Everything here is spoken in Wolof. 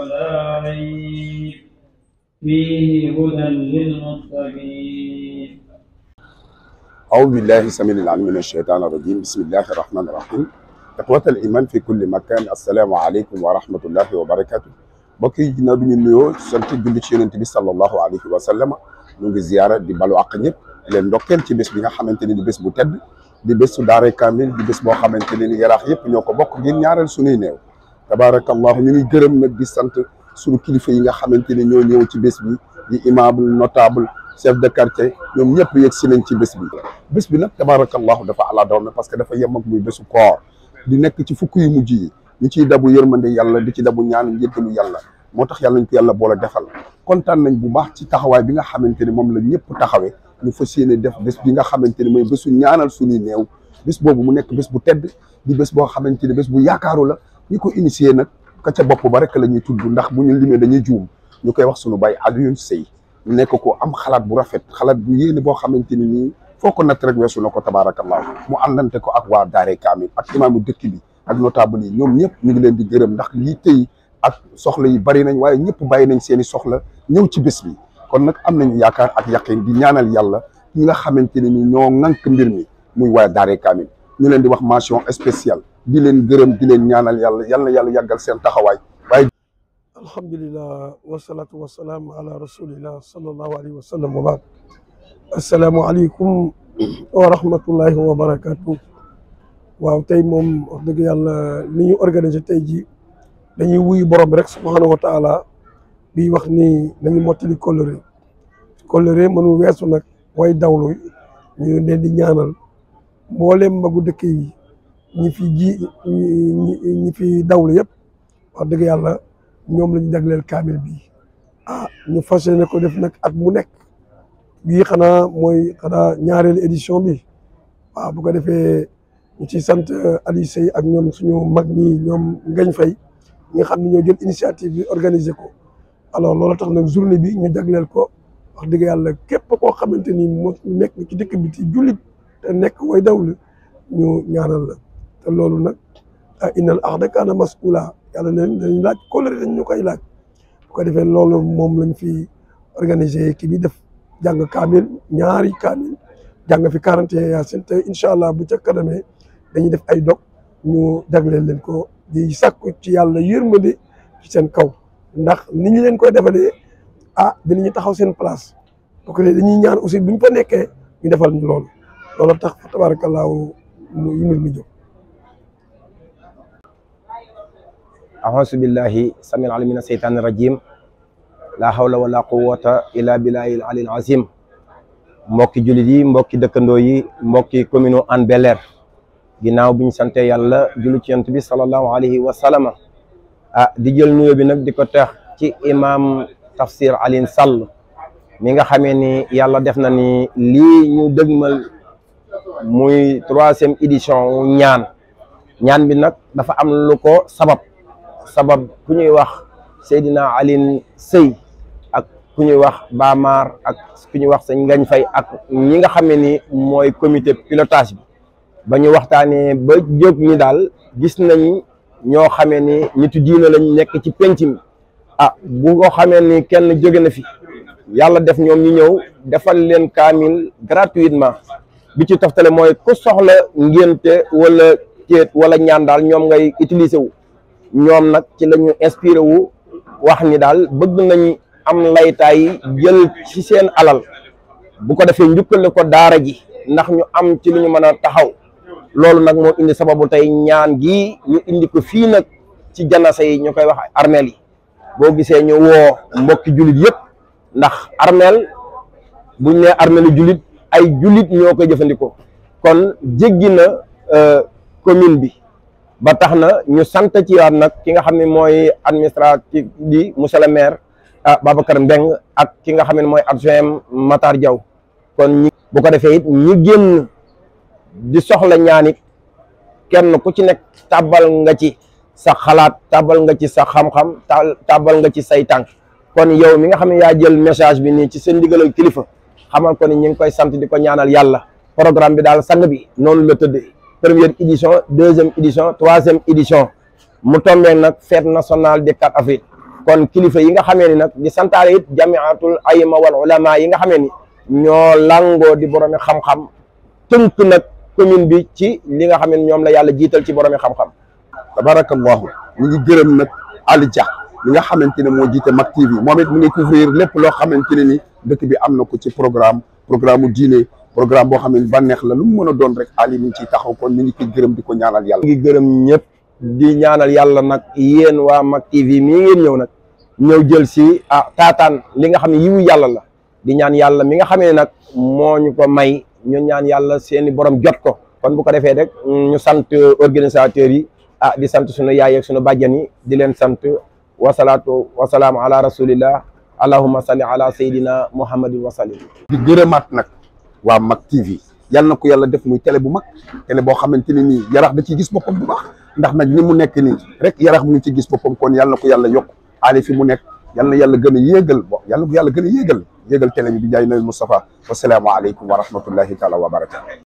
ولا عيب فيه هدى للمتقين أعوذ بالله السميع العليم من الشيطان الرجيم بسم الله الرحمن الرحيم تقوة الإيمان في كل مكان السلام عليكم ورحمة الله وبركاته mbokk yi ginnaaw bi ñu nuyoo sant julli ci yonent bi sallallahu alayhi wa sallam ñu ngi ziyaara di balu àq ñëpp leen ndokkeel ci bés bi nga xamante ni di bés bu tedd di bésu daare kamil di bés boo xamante ni yaraax yëpp ñoo ko bokk ngir ñaareel sunuy néew tabaarakallahu ñu ngi gërëm nag di sant suñu kilifa yi nga xamante ne ñoo ñëw ci bés bi di imaamul notable de quartier ñoom ñëpp yegg si nañ ci bés bi bés bi nag tabaarakallahu dafa ala doon parce que dafa yem ak bésu koor di nekk ci fukk yu mujj yi ñu ciy dabu yërmande yàlla di ci dabu ñaan njëggalu yàlla moo tax yàlla ñu yàlla boole defal kontaan nañ bu baax ci taxawaay bi nga xamante ne moom la ñëpp taxawee ñu fas yéene def bés bi nga xamante ne mooy bésu ñaanal suñuy néew bés boobu mu nekk bés bu tedd di bés boo xamante ne bés bu yaakaaru la ñi ko initié nag ka ca bopp ba rek la ñuy tudd ndax bu ñu limee dañuy juum ñu koy wax sunu baay Alioune Seye nekk ko am xalaat bu rafet xalaat bu yéene boo xamante ni nii foo ko natt weesu na ko tabaarakallah mu àndante ko ak waa Daare Kaamil ak imaamu dëkk bi ak notable yi ñoom ñëpp ñu ngi leen di gërëm ndax lii tey ak soxla yi bari nañ waaye ñëpp bàyyi nañ seen i soxla ñëw ci bés bi kon nag am nañu yaakaar ak yaqin di ñaanal yàlla ñi nga xamante ne ni ñoo ŋànk mbir mi muy waa Daare Kaamil ñu leen di wax mention spéciale di leen gërëm di leen ñaanal yàlla yal na yàlla yàggal seen taxawaay waaye alhamdulilah wasalaatu wasalaam ala rasulillah sallallahu alayhi wa sallam wa baad asalaamu aleykum wa rahmatullahi wa barakaatu waaw tey moom wax dëgg yàlla ni ñu organisé tey ji dañuy wuy borom rek subhaanahu wa taala bi wax ni nañu mottali coloré coloré mënul weesu nag way dawlu ñu leen di ñaanal mboolem magu dëkk yi ñi fi ji ñi fi dawlu yëpp wax dëgg yàlla ñoom la ñu jagleel kaamil bi ah ñu fas yéene ko def nag ak mu nekk bii xanaa mooy xanaa ñaareelu édition bi waaw bu ko defee ñu ci sant euh, Aliou Seye ak ñoom suñu mag ñi ñoom ngañ fay ñi nga xam ne ñoo jël initiative bi organiser ko alors loolu tax nag journée bi ñu jagleel ko wax dëgg yàlla képp koo xamante ni moo nekk ci dëkk bi ci jullit te nekk way dawlu ñu ñaanal la loolu nag a ah, innal ahda kaana mas'uula yàlla ne dañu laaj kóllëre dañ ñu koy laaj bu ko defee loolu moom lañ fi organisé kii bi def jàng kaamil ñaari kaamil jàng fi quarante et un Yaasin allah bu ca kanamee dañuy def ay dog ñu jagleel leen ko di sàkku ci yàlla yërmande ci seen kaw ndax ni ñu leen koy defalee ah dinañu taxaw seen place donc dañuy ñaan aussi buñ fa nekkee ñu defal ñu loolu loolu tax fa tabaarakallaahu mu yimir mi jóg axusu billahi samil alim min aseytaan rajim laa hawla wala quwata illa billahi alil azim mbokki jullit yi mbokki dëkkandoo yi mbokki commune Hann Bel-Air ginnaaw bi ñu sante yàlla julli ci yonent bi sallallahu alayhi wa sallama ah di jël nuyoo bi nag di ko teex ci imam tafsir Alioune Sall mi nga xamee ni yàlla def na ni lii ñu dëgmal muy troisième édition ñaan ñaan bi nag dafa am lu ko sabab sabab ku ñuy wax Seydina alin Sey ak ku ñuy wax baamaar ak ku ñuy wax Sëñ Ngañ Fay ak ñi nga xam ne ni mooy comité pilotage bi ba ñu waxtaanee ba jóg ñi daal gis nañ ñoo xamee ni nitu diina lañ nekk ci penc mi ah bu ko xamee ni kenn jóge na fi yàlla def ñoom ñu ñëw defal leen kaamil gratuitement bi ci toftale mooy ku soxla ngénte wala céet wala ñaan daal ñoom ngay utiliser wu ñoom nag ci la ñu wu wax ni daal bëgg nañ am laytaay jël ci seen alal bu ko defee njukkale ko daara ji ndax ñu am ci lu ñu mën a taxaw loolu nag moo indi sababu tey ñaan gi ñu indi ko fii nag ci janasa yi ñu koy wax armeel yi boo gisee ñu woo mbokki jullit yëpp ndax armeel buñ nee armeelu jullit ay jullit ñoo koy jëfandikoo kon jéggi na euh, commune bi ba tax na ñu sant ci waat nag ki nga xam ne mooy administratif bi monsieur le maire ah, Babacar Mbeng ak ki nga xam ne mooy adjoint Matar Diaw kon ñi bu ko defee it ñi génn di soxla ñaan it kenn ku ci nekk tàbbal nga ci sa xalaat tàbbal nga ci sa xam-xam tàbbal nga ci say tànk kon yow mi nga xam ne yaa jël message bi nii ci seen ndigalal kilifa xamal ko ni ñu ngi koy sant di ko ñaanal yàlla programme bi daal sang bi noonu la tëdd première édition deuxième édition troisième édition mu tombé nag fête nationale des 4 avril kon kilifa yi nga xamee ni nag di santaale it jamiatul ayima wal ulama yi nga xamee ni ñoo langoo di boromi xam-xam tënk nag commune bi ci li nga xam ne ñoom la yàlla jiital ci boromi xam-xam tabarakallahu ñu ngi gërëm nag Ali Dia li nga xamante ne moo jiite Mak TV moom it mu ngi couvrir lépp loo xamante ne ni dëkk bi am na ko ci programme programme diine programme boo xam ne bànneex la lu mu a doon rek Ali mi ngi ciy taxaw kon ñu ngi gërëm di ko ñaanal yàlla. ngi gërëm ñëpp di ñaanal yàlla nag yéen waa mag TV mii ngeen ñëw nag ñëw jël si ah taataan li nga xam ne yiwu yàlla la di ñaan yàlla mi nga xamee nag moo ñu ko may ñu ñaan yàlla seeni borom jot ko kon bu ko defee rek ñu sant organisateurs yi ah di sant sunu yaay ak sunu bàjjan yi di leen sant wasalaatu wasalaamu ala rasulillah allahumma salli ala seydina muhammadin wa sallim nag. waa Mak TV yàlla na ko yàlla def muy télé bu mag télé boo xamante ne nii yarax da ciy gis boppam bu baax ndax nag ni mu nekk ni rek yarax mu ngi ci gis boppam kon yàlla na ko yàlla yokk aale fi mu nekk yàlla na yàlla gën a yéegal bon yàlla na ko yàlla gën a yéegal yéegal télé bi di jaay nabi Moustapha wasalaamualeykum wa rahmatullahi taala wa barakatu